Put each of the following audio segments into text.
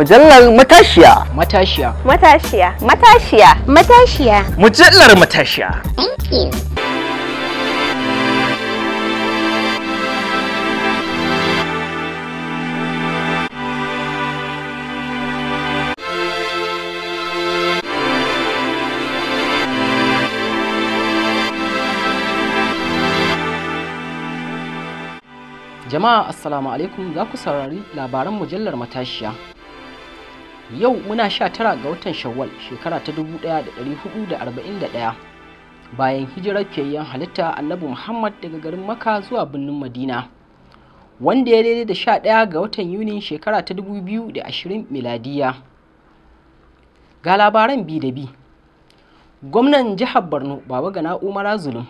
mujallar matashiya matashiya matashiya matashiya matashiya mujallar matashiya thank you Jama'a assalamu alaikum za ku saurari labaran mujallar matashiya yau muna sha tara ga watan shawwal shekara ta 1441 bayan hijirar keyan halitta annabi muhammad daga garin maka zuwa birnin madina wanda ya daidai da sha ɗaya ga watan yuni shekara ta 2020 miladiya ga labaran bi da bi gwamnan jihar borno baba gana umara zulum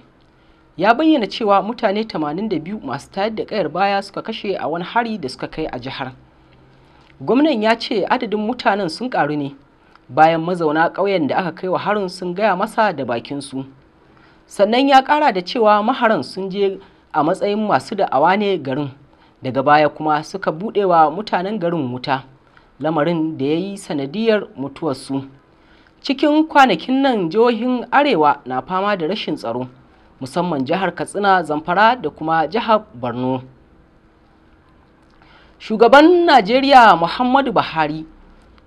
ya bayyana cewa mutane 82 masu tayar da kayar baya suka kashe a wani hari da suka kai a jihar gwamnan ya ce adadin mutanen sun karu ne bayan mazauna ƙauyen da aka kai wa harin sun gaya masa da bakinsu sannan ya ƙara da cewa maharan sun je a matsayin masu da'awa ne garin daga baya kuma suka buɗewa mutanen garin wuta lamarin da ya yi sanadiyar mutuwarsu cikin kwanakin nan jihohin arewa na fama da rashin tsaro musamman jihar katsina zamfara da kuma jihar borno shugaban najeriya muhammadu buhari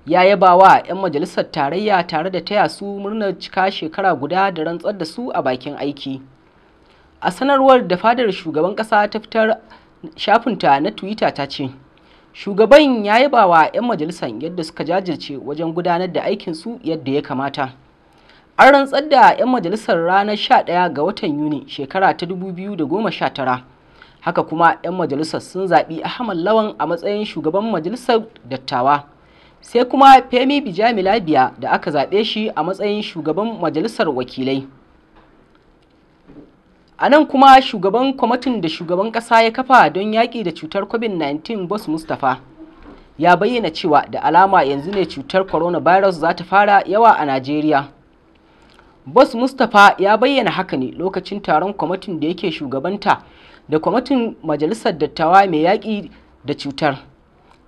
ya yaba wa 'yan majalisar tarayya tare da taya su murnar cika shekara guda da rantsar da su a bakin aiki a sanarwar da fadar shugaban kasa ta fitar shafinta na twitter ta ce shugaban ya yaba wa 'yan majalisar yadda suka jajirce wajen gudanar da aikin su yadda ya kamata an rantsar da 'yan majalisar ranar 11 ga watan yuni shekara ta 2019 haka kuma 'yan majalisar sun zaɓi ahmad lawan a matsayin shugaban majalisar dattawa sai kuma femi bijamila Labiya da aka zaɓe shi a matsayin shugaban majalisar wakilai a nan kuma shugaban kwamitin da shugaban ƙasa ya kafa don yaƙi da cutar covid-19 boss mustapha ya bayyana cewa da alama yanzu ne cutar coronavirus za ta fara yawa a najeriya boss mustapha ya bayyana haka ne lokacin taron kwamitin da yake shugabanta da kwamitin majalisar dattawa mai yaƙi da cutar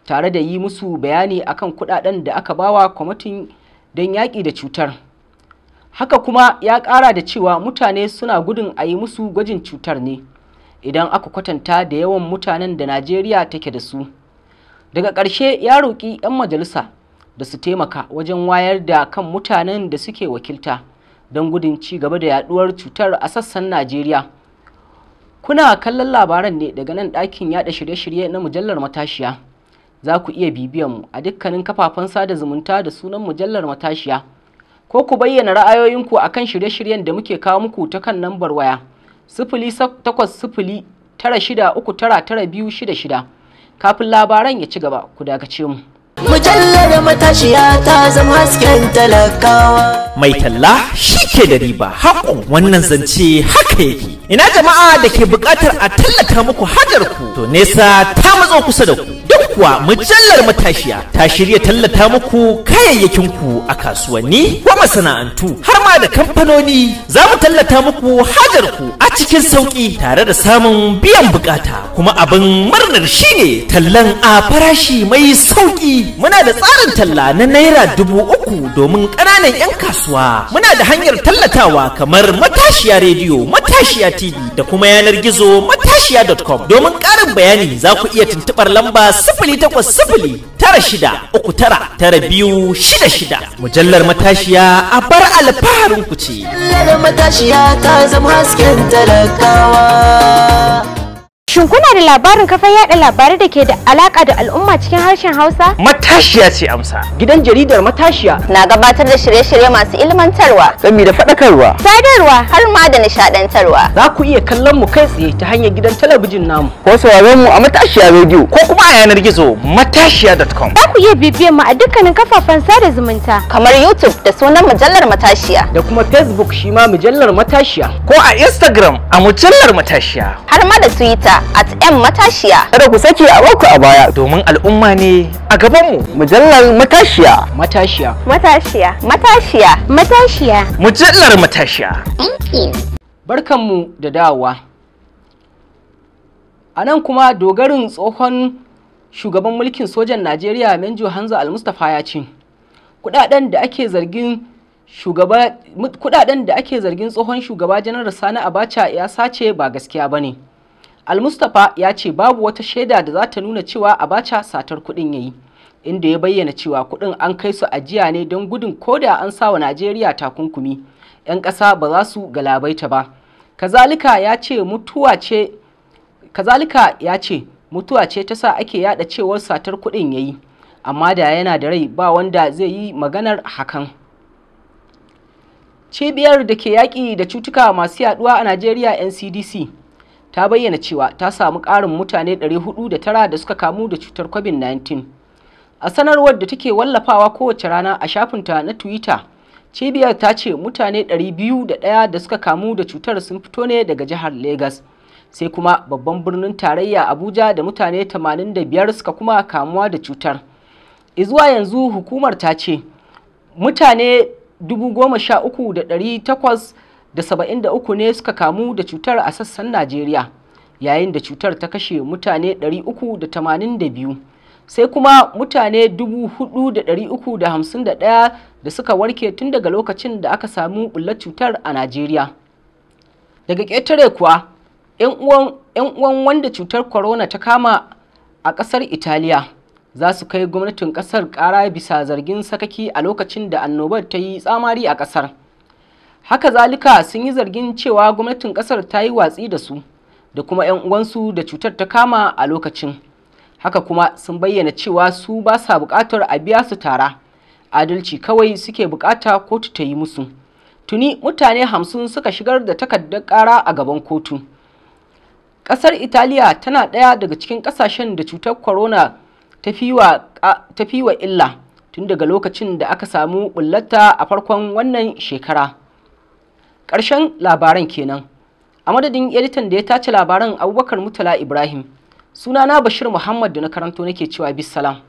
tare da yi musu bayani akan kuɗaɗen da aka bawa kwamitin don yaƙi da cutar haka kuma ya ƙara da cewa mutane suna gudun a yi musu gwajin cutar ne idan aka kwatanta da yawan mutanen da najeriya take da su daga ƙarshe ya roƙi 'yan majalisa da su taimaka wajen wayar da kan mutanen da suke wakilta don gudun ci gaba da yaduwar cutar a sassan najeriya Kuna kallon labaran ne daga nan ɗakin yaɗa shirye-shirye na mujallar matashiya. Za ku iya bibiyan mu a dukkanin kafafen sada zumunta da sunan mujallar matashiya. Ko ku bayyana ra'ayoyinku a kan shirye-shiryen da muke kawo muku ta kan lambar waya. Sifili takwas sifili tara shida uku tara tara biyu shida shida. Kafin labaran ya ci gaba, ku dagace mu. mujallar matashiya ta zama hasken talakawa mai talla shi ke da riba haƙo wannan zance haka yake ina jama'a da ke buƙatar a tallata muku hajar ku to nesa ta matso kusa da ku duk kuwa mujallar matashiya ta shirya tallata muku kayayyakin ku a kasuwanni ko masana'antu da kamfanoni za mu tallata muku hajar ku a cikin sauƙi tare da samun biyan bukata kuma abin murnar shine tallan a farashi mai sauƙi muna da tsarin talla na naira dubu uku domin ƙananan 'yan kasuwa muna da hanyar tallatawa kamar matashiya rediyo matashiya tv da kuma yanar gizo matashiya.com domin ƙara bayani za ku iya tuntuɓar lamba sifili takwas sifili tara shida uku tara tara biyu shida shida. Mujallar matashiya a bar alfaharin ku ce. Mujallar matashiya ta zama hasken talakawa. Shin kuna da labarin kafar yada labarai da ke da alaka da al'umma cikin harshen Hausa? Matashiya ce amsa. Gidan jaridar Matashiya na gabatar da shirye-shirye masu ilmantarwa, Sami da faɗakarwa, sadarwa har ma da nishaɗantarwa. Za ku iya kallon mu kai tsaye ta hanyar gidan talabijin namu. Ko sauraron mu a Matashiya rediyo ko kuma a yanar gizo matashiya.com. Za ku iya bibiyan mu a dukkanin kafafen sada zumunta kamar YouTube da sunan mujallar Matashiya da kuma Facebook shi ma mujallar Matashiya ko a Instagram a mujallar Matashiya har ma da Twitter at M Matashiya. Kada ku sake a baku a baya domin al'umma ne a gabanmu. Mujallar Matashiya. Matashiya. Matashiya. Matashiya. Matashiya. Mujallar Matashiya. Thank Barkanmu da dawowa. A nan kuma dogarin tsohon shugaban mulkin sojan Najeriya Menjo Hanzo Al-Mustapha ya ce, kudaden da ake zargin shugaba kudaden da ake zargin tsohon shugaba janar sani abacha ya sace ba gaskiya bane al almustapha ya ce babu wata shaida da za ta nuna cewa abacha satar kuɗin yayi inda ya bayyana cewa kuɗin an kai su ajiya ne don gudun koda an sa wa najeriya takunkumi 'yan ƙasa ba za su galabaita ba kazalika ya ce mutuwa ce kazalika ya ce mutuwa ce ta sa ake yada cewar satar kuɗin yayi amma da yana da rai ba wanda zai yi maganar hakan cibiyar da ke yaƙi da cutuka masu yaduwa a najeriya ncdc ta bayyana cewa ta samu ƙarin mutane 409 da suka kamu da cutar covid-19 a sanarwar da take wallafawa kowace rana a shafinta na twitter cibiyar ta ce mutane 201 da suka kamu da cutar sun fito ne daga jihar Legas, sai kuma babban birnin tarayya abuja da mutane 85 suka kuma kamuwa da cutar izuwa yanzu hukumar ta ce mutane 13,800 da 73 ne suka kamu da cutar a sassan Najeriya yayin da cutar ta kashe mutane 382 sai kuma mutane 4,351 da suka warke tun daga lokacin da aka samu bullar cutar a Najeriya. Daga ƙetare kuwa, 'yan uwan wanda cutar corona ta kama a ƙasar Italiya za su kai gwamnatin ƙasar ƙara bisa zargin sakaki a lokacin da annobar ta yi tsamari a ƙasar. haka zalika sun yi zargin cewa gwamnatin kasar ta yi watsi da su da kuma 'yan uwansu da cutar ta kama a lokacin haka kuma sun bayyana cewa su ba sa buƙatar a biya su tara adalci kawai suke bukata kotu ta yi musu tuni mutane hamsin suka shigar da takardar kara a gaban kotu ƙasar italiya tana ɗaya daga cikin ƙasashen da cutar corona ta fi wa illa tun daga lokacin da aka samu bullata a farkon wannan shekara ƙarshen labaran kenan a madadin editan da ya tace labaran abubakar mutala ibrahim sunana bashir muhammad da na karanto nake cewa bisalam